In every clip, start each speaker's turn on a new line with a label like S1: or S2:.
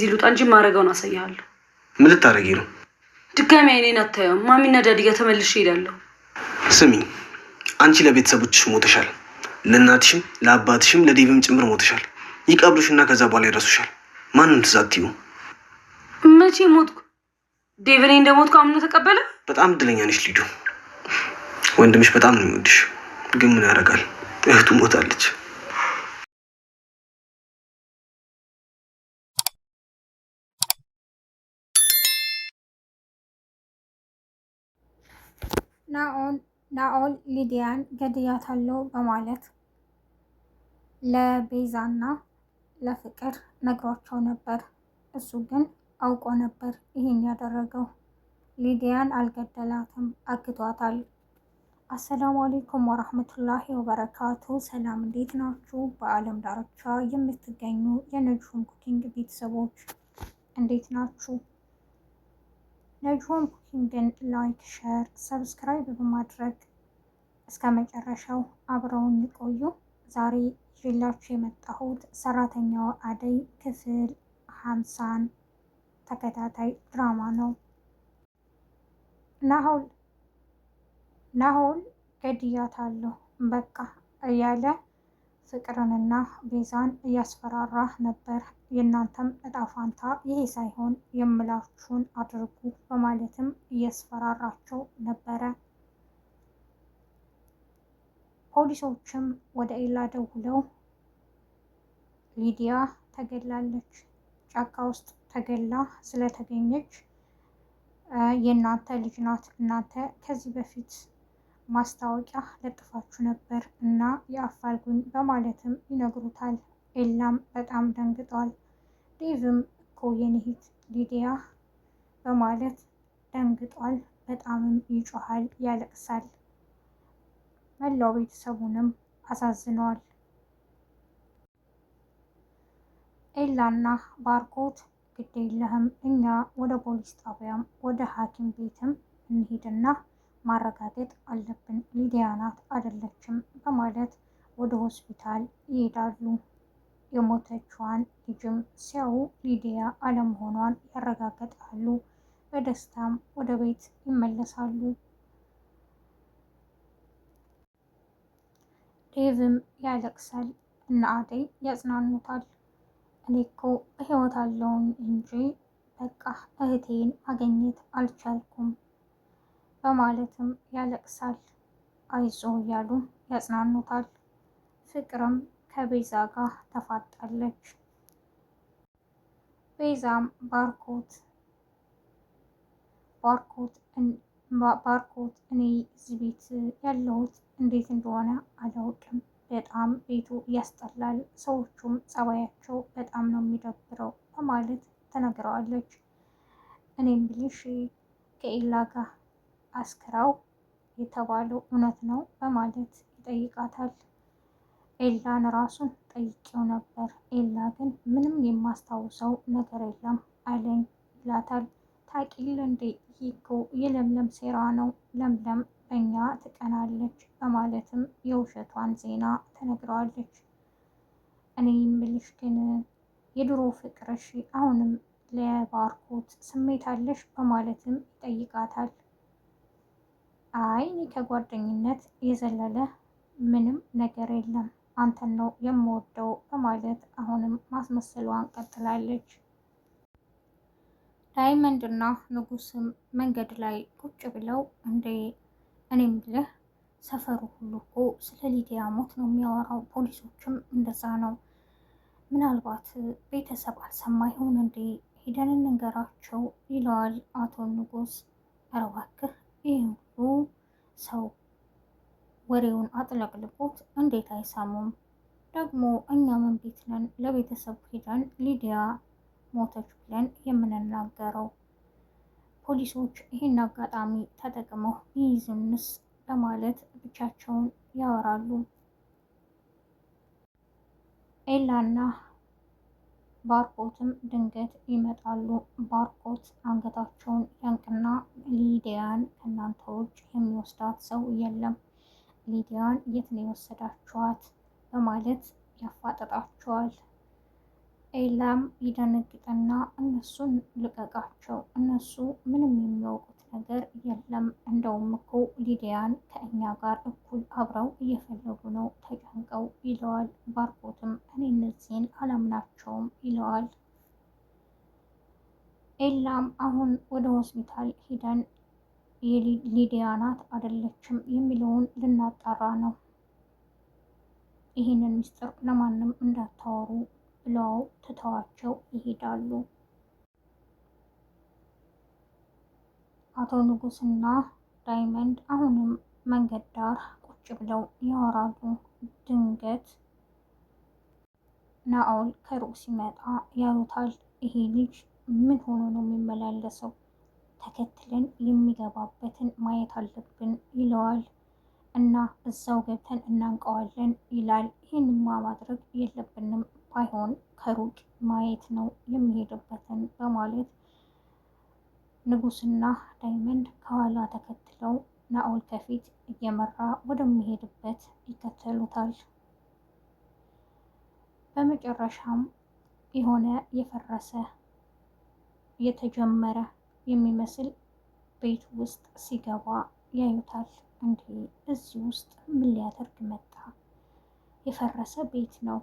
S1: ከዚህ ልውጣ እንጂ ማድረገውን አሳያለሁ።
S2: ምን ልታደርጊ ነው?
S1: ድጋሚ አይኔን አታየውም። ማሚና ዳዲ ጋር ተመልሼ እሄዳለሁ።
S2: ስሚ፣ አንቺ ለቤተሰቦችሽ ሞተሻል። ለእናትሽም ለአባትሽም ለዴቭም ጭምር ሞተሻል። ይቀብሉሽና ከዛ በኋላ ይረሱሻል። ማንም ትዝ አትዩ።
S1: መቼ ሞትኩ? ዴቭ እኔ እንደሞትኩ አምኖ ተቀበለ።
S2: በጣም እድለኛ ነሽ ልጁ። ወንድምሽ በጣም ነው የሚወድሽ፣ ግን ምን ያደርጋል እህቱ ሞታለች።
S1: ናኦል ሊዲያን ገድያታለሁ በማለት ለቤዛና ለፍቅር ነግሯቸው ነበር። እሱ ግን አውቆ ነበር ይህን ያደረገው። ሊዲያን አልገደላትም፣ አግቷታል። አሰላሙ አሌይኩም ወራህመቱላሂ ወበረካቱ። ሰላም እንዴት ናችሁ? በአለም ዳርቻ የምትገኙ የነጅሁም ኩኪንግ ቤተሰቦች እንዴት ናችሁ? ነጅሆም ኩኪንግን ላይክ፣ ሸር፣ ሰብስክራይብ በማድረግ እስከ መጨረሻው አብረውን ይቆዩ። ዛሬ ይዤላችሁ የመጣሁት ሰራተኛዋ አደይ ክፍል ሀምሳን ተከታታይ ድራማ ነው። ናሆል ናሆል ገድያታለሁ በቃ እያለ ፍቅርንና ቤዛን እያስፈራራ ነበር። የእናንተም እጣ ፋንታ ይሄ ሳይሆን የምላችሁን አድርጉ በማለትም እያስፈራራቸው ነበረ። ፖሊሶችም ወደ ኤላ ደውለው ሊዲያ ተገላለች፣ ጫካ ውስጥ ተገላ ስለተገኘች የእናንተ ልጅ ናት። እናንተ ከዚህ በፊት ማስታወቂያ ለጥፋችሁ ነበር እና የአፋልጉኝ በማለትም ይነግሩታል። ኤላም በጣም ደንግጧል። ዴቭም እኮ የንሂት ሊዲያ በማለት ደንግጧል። በጣምም ይጮሃል፣ ያለቅሳል። መላው ቤተሰቡንም አሳዝነዋል። ኤላና ባርኮት ግድ የለህም እኛ ወደ ፖሊስ ጣቢያም ወደ ሐኪም ቤትም እንሂድና ማረጋገጥ አለብን ሊዲያ ናት አይደለችም በማለት ወደ ሆስፒታል ይሄዳሉ። የሞተችዋን ልጅም ሲያዩ ሊዲያ አለመሆኗን ያረጋግጣሉ። በደስታም ወደ ቤት ይመለሳሉ። ዴቭም ያለቅሳል እና አደይ ያጽናኑታል። እኔ እኮ በህይወት አለውኝ እንጂ በቃ እህቴን ማግኘት አልቻልኩም በማለትም ያለቅሳል። አይዞ እያሉ ያጽናኑታል። ፍቅርም ከቤዛ ጋር ተፋጣለች። ቤዛም ባርኮት ባርኮት ባርኮት እኔ እዚህ ቤት ያለሁት እንዴት እንደሆነ አላውቅም። በጣም ቤቱ ያስጠላል፣ ሰዎቹም ጸባያቸው በጣም ነው የሚደብረው በማለት ተነግረዋለች። እኔም ብልሽ ከኤላ ጋር አስክራው የተባለው እውነት ነው በማለት ይጠይቃታል። ኤላን ራሱን ጠይቄው ነበር። ኤላ ግን ምንም የማስታውሰው ነገር የለም አለኝ ይላታል። ታቂል እንዴ ይኮ የለምለም ሴራ ነው፣ ለምለም በእኛ ትቀናለች በማለትም የውሸቷን ዜና ተነግረዋለች። እኔ የምልሽ ግን የድሮ ፍቅርሽ አሁንም ለባርኮት ስሜት አለሽ በማለትም ይጠይቃታል። አይ ከጓደኝነት የዘለለ ምንም ነገር የለም አንተን ነው የምወደው በማለት አሁንም ማስመሰሏን ቀጥላለች። ዳይመንድና ንጉስም መንገድ ላይ ቁጭ ብለው እንዴ እኔ ምልህ ሰፈሩ ሁሉ እኮ ስለ ሊዲያ ሞት ነው የሚያወራው፣ ፖሊሶችም እንደዛ ነው። ምናልባት ቤተሰብ አልሰማ ይሆን እንዴ? ሂደን እንንገራቸው ይለዋል አቶ ንጉስ። ኧረ እባክህ ይህ ሁሉ ሰው ወሬውን አጥለቅልቆት እንዴት አይሳሙም? ደግሞ እኛ ምን ቤት ነን ለቤተሰብ ሄደን ሊዲያ ሞተች ብለን የምንናገረው? ፖሊሶች ይህን አጋጣሚ ተጠቅመው ቢይዝንስ በማለት ብቻቸውን ያወራሉ። ኤላና ባርኮትም ድንገት ይመጣሉ። ባርኮት አንገታቸውን ያንቅና ሊዲያን ከእናንተ ውጭ የሚወስዳት ሰው የለም ሊዲያን የት ነው የወሰዳችኋት በማለት ያፋጠጣቸዋል። ኤላም ይደነግጥና እነሱን ልቀቃቸው፣ እነሱ ምንም የሚያውቁት ነገር የለም፣ እንደውም እኮ ሊዲያን ከእኛ ጋር እኩል አብረው እየፈለጉ ነው ተጨንቀው ይለዋል። ባርኮትም እኔ እነዚህን አላምናቸውም ይለዋል። ኤላም አሁን ወደ ሆስፒታል ሂደን የሊዲያ ናት አይደለችም የሚለውን ልናጣራ ነው። ይህንን ምስጢር ለማንም እንዳታወሩ ብለው ትተዋቸው ይሄዳሉ። አቶ ንጉስና ዳይመንድ አሁንም መንገድ ዳር ቁጭ ብለው ያወራሉ። ድንገት ናኦል ከሩቅ ሲመጣ ያዩታል። ይሄ ልጅ ምን ሆኖ ነው የሚመላለሰው? ተከትለን የሚገባበትን ማየት አለብን ይለዋል። እና እዛው ገብተን እናንቀዋለን ይላል። ይህንማ ማድረግ የለብንም ባይሆን ከሩቅ ማየት ነው የሚሄድበትን በማለት ንጉስና ዳይመንድ ከኋላ ተከትለው ናኦል ከፊት እየመራ ወደሚሄድበት ይከተሉታል። በመጨረሻም የሆነ የፈረሰ የተጀመረ የሚመስል ቤት ውስጥ ሲገባ ያዩታል። እንዴ እዚህ ውስጥ ምን ሊያደርግ መጣ? የፈረሰ ቤት ነው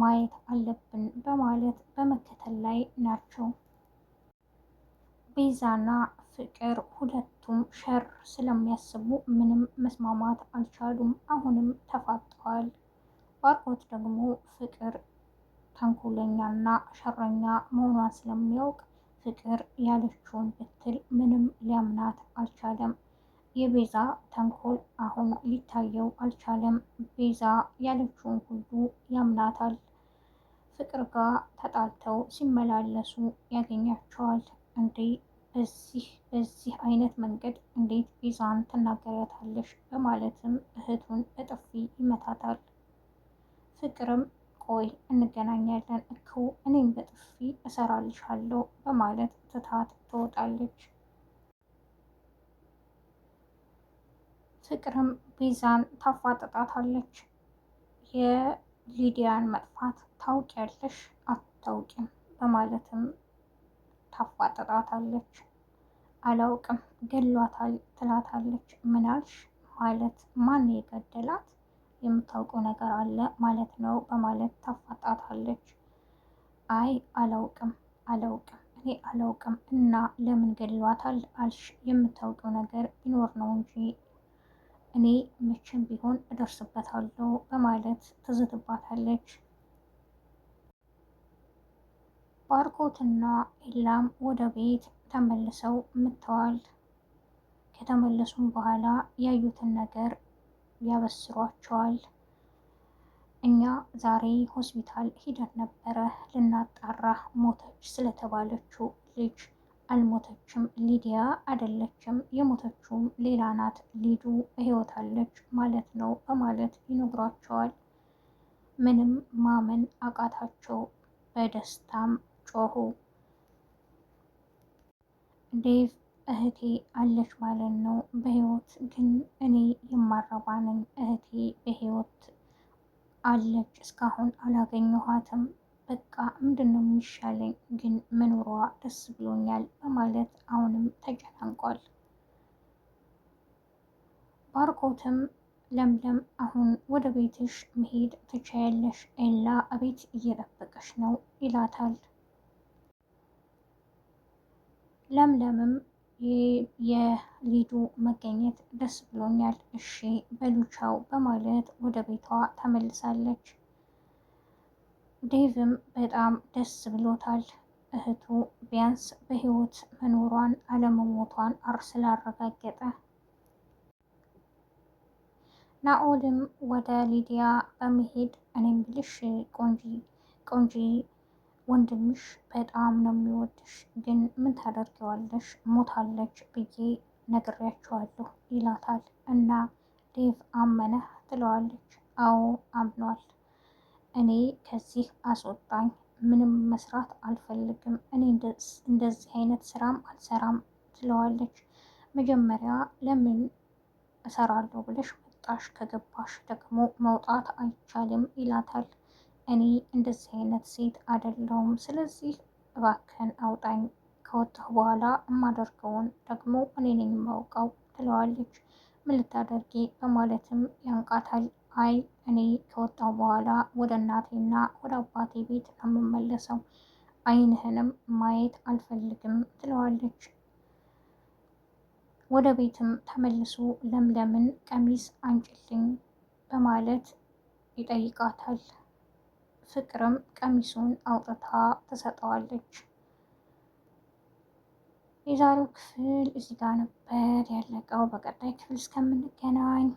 S1: ማየት አለብን በማለት በመከተል ላይ ናቸው። ቤዛና ፍቅር ሁለቱም ሸር ስለሚያስቡ ምንም መስማማት አልቻሉም። አሁንም ተፋጠዋል። ባርኮት ደግሞ ፍቅር ተንኮለኛና ሸረኛ መሆኗን ስለሚያውቅ ፍቅር ያለችውን ብትል ምንም ሊያምናት አልቻለም። የቤዛ ተንኮል አሁን ሊታየው አልቻለም። ቤዛ ያለችውን ሁሉ ያምናታል። ፍቅር ጋር ተጣልተው ሲመላለሱ ያገኛቸዋል። እንዴ በዚህ በዚህ አይነት መንገድ እንዴት ቤዛን ትናገሪያታለሽ? በማለትም እህቱን በጥፊ ይመታታል። ፍቅርም ቆይ እንገናኛለን እኮ እኔም በጥፊ እሰራልሻለሁ በማለት ትታት ትወጣለች። ፍቅርም ቤዛን ታፋጠጣታለች። የሊዲያን መጥፋት ታውቂያለሽ አታውቂም በማለትም ታፋጠጣታለች። አላውቅም ገሏታል ትላታለች። ምናልሽ ማለት ማን የገደላት የምታውቀው ነገር አለ ማለት ነው በማለት ታፋጣታለች። አይ አላውቅም አላውቅም እኔ አላውቅም እና ለምን ገድሏታል አልሽ? የምታውቀው ነገር ቢኖር ነው እንጂ እኔ መቼም ቢሆን እደርስበታለሁ በማለት ትዝትባታለች። ባርኮትና ኤላም ወደ ቤት ተመልሰው ምተዋል። ከተመለሱም በኋላ ያዩትን ነገር ያበስሯቸዋል። እኛ ዛሬ ሆስፒታል ሂደን ነበረ ልናጣራ ሞተች ስለተባለችው ልጅ አልሞተችም። ሊዲያ አይደለችም፣ የሞተችውም ሌላ ናት። ሊዱ ህይወታለች አለች ማለት ነው በማለት ይነግሯቸዋል። ምንም ማመን አቃታቸው። በደስታም ጮሁ። ዴቭ እህቴ አለች ማለት ነው። በህይወት ግን እኔ የማረባንን እህቴ በህይወት አለች፣ እስካሁን አላገኘኋትም። በቃ ምንድን ነው የሚሻለኝ? ግን መኖሯ ደስ ብሎኛል በማለት አሁንም ተጨናንቋል። ባርኮትም ለምለም አሁን ወደ ቤትሽ መሄድ ትቻያለሽ፣ ኤላ እቤት እየጠበቀሽ ነው ይላታል። ለምለምም የሊዱ መገኘት ደስ ብሎኛል፣ እሺ በሉቻው በማለት ወደ ቤቷ ተመልሳለች። ዴቭም በጣም ደስ ብሎታል። እህቱ ቢያንስ በህይወት መኖሯን አለመሞቷን አር ስላረጋገጠ ናኦልም ወደ ሊዲያ በመሄድ እኔም ብልሽ ቆንጂ ቆንጂ ወንድምሽ በጣም ነው የሚወድሽ፣ ግን ምን ታደርገዋለሽ ሞታለች ብዬ ነግሬያቸዋለሁ ይላታል። እና ዴቭ አመነህ ትለዋለች። አዎ አምኗል። እኔ ከዚህ አስወጣኝ፣ ምንም መስራት አልፈልግም፣ እኔ እንደዚህ አይነት ስራም አልሰራም ትለዋለች። መጀመሪያ ለምን እሰራለሁ ብለሽ መጣሽ? ከገባሽ ደግሞ መውጣት አይቻልም ይላታል። እኔ እንደዚህ አይነት ሴት አይደለሁም። ስለዚህ እባክህን አውጣኝ፣ ከወጣሁ በኋላ የማደርገውን ደግሞ እኔ ነኝ የማውቀው ትለዋለች። ምን ልታደርጊ በማለትም ያንቃታል። አይ እኔ ከወጣሁ በኋላ ወደ እናቴና ወደ አባቴ ቤት ነው የምመለሰው፣ አይንህንም ማየት አልፈልግም ትለዋለች። ወደ ቤትም ተመልሶ ለምለምን ቀሚስ አንጭልኝ በማለት ይጠይቃታል። ፍቅርም ቀሚሱን አውጥታ ትሰጠዋለች። የዛሬው ክፍል እዚህ ጋር ነበር ያለቀው። በቀጣይ ክፍል እስከምንገናኝ